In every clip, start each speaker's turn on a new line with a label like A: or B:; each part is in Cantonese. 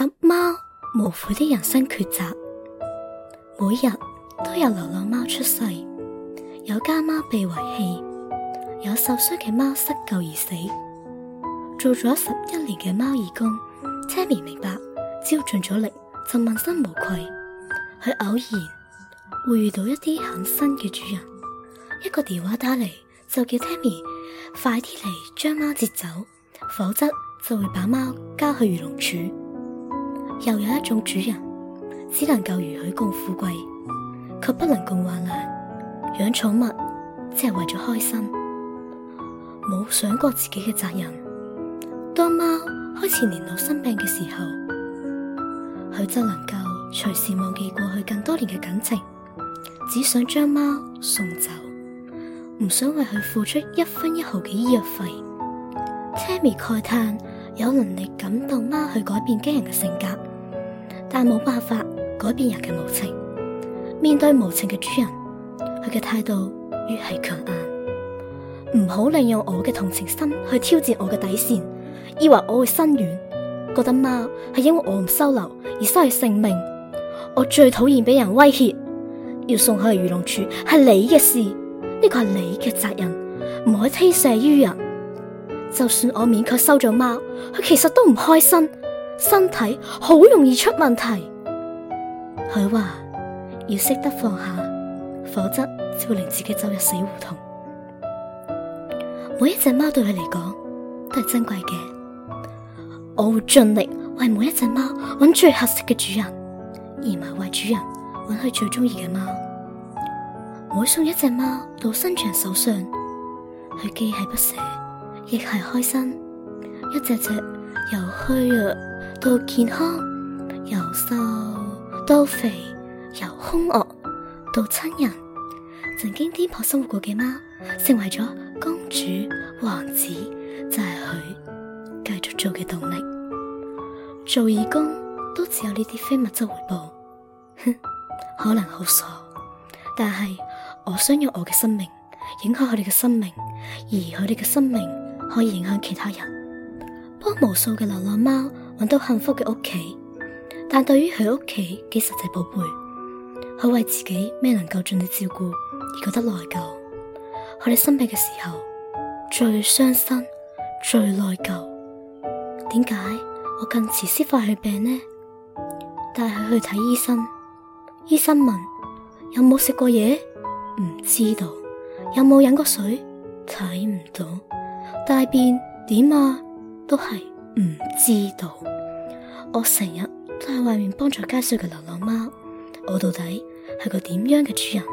A: 拾貓無悔的人生抉擇，每日都有流浪貓出世，有家貓被遺棄，有受傷嘅貓失救而死。做咗十一年嘅貓義工，Tammy 明白，只要盡咗力就問心無愧。佢偶然會遇到一啲很新嘅主人，一個電話打嚟就叫 Tammy 快啲嚟將貓接走，否則就會把貓交去漁農處。又有一種主人，只能夠與佢共富貴，卻不能共患難。養寵物只係為咗開心，冇想過自己嘅責任。當貓開始年老生病嘅時候，佢就能夠隨時忘記過去咁多年嘅感情，只想將貓送走，唔想為佢付出一分一毫嘅醫藥費。車咪慨嘆：有能力感動貓去改變驚人嘅性格。但冇辦法改變人嘅無情，面對無情嘅主人，佢嘅態度越係強硬。唔好利用我嘅同情心去挑戰我嘅底線，以為我會心軟，覺得貓係因為我唔收留而失去性命。我最討厭俾人威脅。要送去漁農處係你嘅事，呢個係你嘅責任，唔可以推卸於人。就算我勉強收咗貓，佢其實都唔開心。身體好容易出問題，佢話要識得放下，否則只會令自己走入死胡同。每一隻貓對佢嚟講都係珍貴嘅，我會盡力為每一隻貓揾最合適嘅主人，而唔係為主人揾佢最鍾意嘅貓。每送一隻貓到新主人手上，佢既係不捨，亦係開心。一隻隻又虛啊！到健康，由瘦到肥，由凶惡到親人，曾經顛簸生活過嘅貓，成為咗公主王子，就係、是、佢繼續做嘅動力。做義工都只有呢啲非物質回報，哼，可能好傻，但係我想用我嘅生命影響佢哋嘅生命，而佢哋嘅生命可以影響其他人，幫無數嘅流浪貓。搵到幸福嘅屋企，但對於佢屋企嘅實際寶貝，我為自己未能夠盡到照顧而覺得內疚。我哋生病嘅時候最傷心、最內疚。點解我咁遲先發現病呢？帶佢去睇醫生，醫生問有冇食過嘢？唔知道。有冇飲過水？睇唔到。大便點啊？都係唔知道。我成日都喺外面幫助街市嘅流浪貓，我到底係個點樣嘅主人？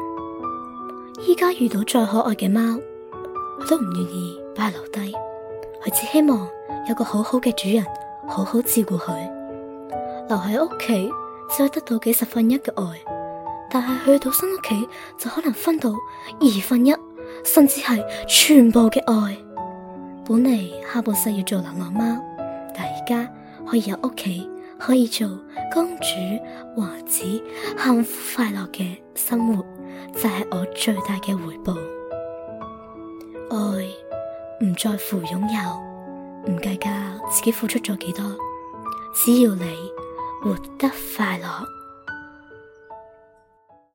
A: 依家遇到再可愛嘅貓，我都唔願意把佢留低，我只希望有個好好嘅主人好好照顧佢。留喺屋企只會得到幾十分一嘅愛，但係去到新屋企就可能分到二分一，甚至係全部嘅愛。本嚟下半世要做流浪貓。可以有屋企，可以做公主、王子，幸福快樂嘅生活就係我最大嘅回報。愛唔在乎擁有，唔計較自己付出咗幾多，只要你活得快樂。